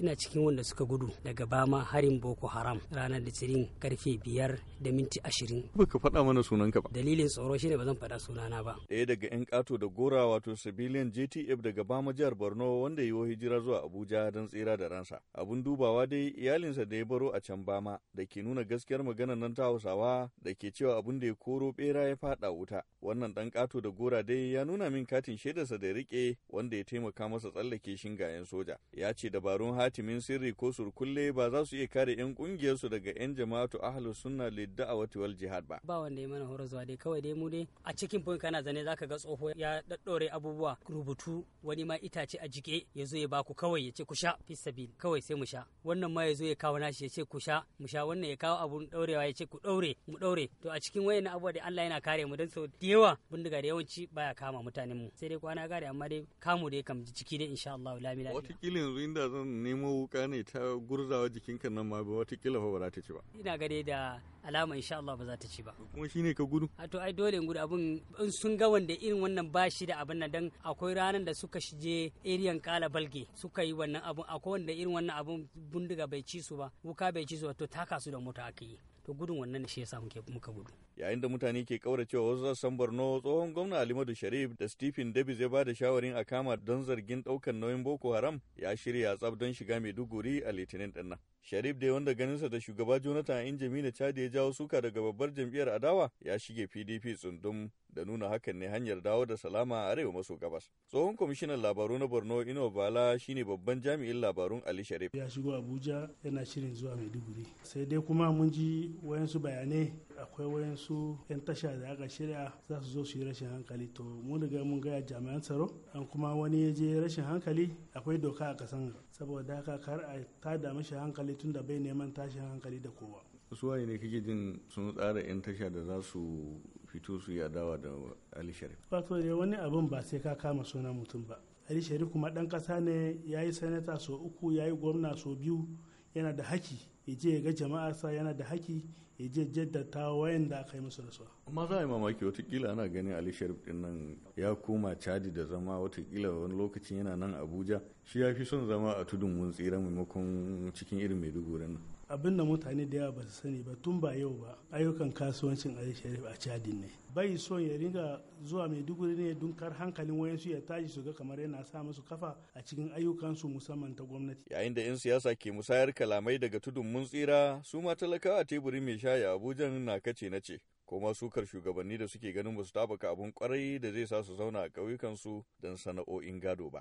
ina cikin wanda suka gudu daga bama harin boko haram ranar litinin karfe biyar da minti ashirin ka fada mana sunanka ba dalilin tsoro shine ba zan faɗa sunana ba ɗaya daga yan ƙato da gora wato civilian jtf daga bama jihar borno wanda yi hijira zuwa abuja don tsira da ransa abun dubawa dai iyalinsa da ya baro a can bama da ke nuna gaskiyar maganar nan ta hausawa da ke cewa abun da ya koro bera ya faɗa wuta wannan ɗan ƙato da gora dai ya nuna min katin shaidarsa da ya riƙe wanda ya taimaka masa tsallake shingayen soja ya ce dabarun hatimin sirri ko surkulle ba za su iya kare 'yan kungiyarsu daga 'yan jama'atu ahlus sunna lidda'awati wal jihad ba ba wanda ya mana horo zuwa dai kawai dai mu dai a cikin point kana zane zaka ga tsoho ya daddore abubuwa rubutu wani ma itace a jike ya zo ya baku kawai ya ce ku sha fisabil kawai sai mu sha wannan ma ya zo ya kawo nashi ya ce ku sha mu sha wannan ya kawo abun daurewa ya ku daure mu daure to a cikin wayan abubuwa da Allah yana kare mu dan sau da yawa bindiga da yawanci baya kama mutanen mu sai dai kwana gare amma dai kamu dai kam jiki dai insha Allah la ilaha wata kilin yanzu inda zan nemo nemo wuka ne ta gurzawa jikinka nan ma ba watakila ba ba za ta ci ba ina gare da alama insha Allah ba za ta ci ba kuma shine ka gudu a to ai dole gudu abun in sun ga wanda irin wannan ba shi da abin nan dan akwai ranar da suka shige eriyan kala balge suka yi wannan abun akwai wanda irin wannan abun bindiga bai ci su ba wuka bai ci su ba to taka su da mota aka yi to gudun wannan shi yasa muke muka gudu yayin da mutane ke kauracewa wasu za san barno tsohon gwamna Alimadu Sharif da Stephen Davis ya bada shawarin a kama don zargin daukan nauyin Boko Haram ya shirya tsab don shiga duguri a Litinin dinnan Sharif da wanda ganinsa da shugaba Jonathan Injami na Chad ya jawo suka daga babbar jam'iyyar adawa ya shige PDP tsundum da nuna hakan ne hanyar dawo da salama a arewa maso gabas. Tsohon kwamishinan labaru na Borno Ino Bala shine babban jami'in labarun Ali Sharif. Ya shigo Abuja yana shirin zuwa Maiduguri. Sai dai kuma mun ji wayansu bayanai akwai wayansu 'yan tasha da aka shirya za su zo su yi rashin hankali to mu daga mun gaya jami'an tsaro an kuma wani ya je rashin hankali akwai doka a kasan saboda haka kar a tada mashi hankali tunda bai neman tashin hankali da kowa. su waye ne kake jin sun tsara 'yan tasha da za su fito su yi adawa da ali sharif wato ne wani abin ba sai ka kama sunan mutum ba ali sharif kuma dan kasa ne ya yi sanata so uku ya yi gwamna so biyu yana da haki ya je ga jama'a sa yana da haki ya je jaddata wayan da aka yi masa rasuwa amma za a yi mamaki watakila ana ganin ali sharif din nan ya koma chadi da zama watakila wani lokacin yana nan abuja shi ya fi son zama a tudun mun tsira maimakon cikin irin maiduguri nan abin da mutane da yawa ba su sani ba tun ba yau ba ayyukan kasuwancin ali sharif a ne bai son ya ringa zuwa mai maiduguri ne dunkar kar hankalin su ya tashi su ga kamar yana sa musu kafa a cikin ayyukansu musamman ta gwamnati yayin da 'yan siyasa ke musayar kalamai daga tudun mun tsira su ma talakawa teburi mai shaya abuja na kace na ce kuma sukar shugabanni da suke ganin ba su tabaka abun kwarai da zai sa su zauna a kauyukan su don sana'o'in gado ba.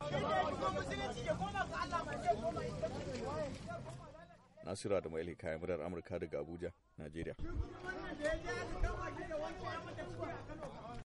Nasiru Adamu Ali kayan murar Amurka daga Abuja, Najeriya.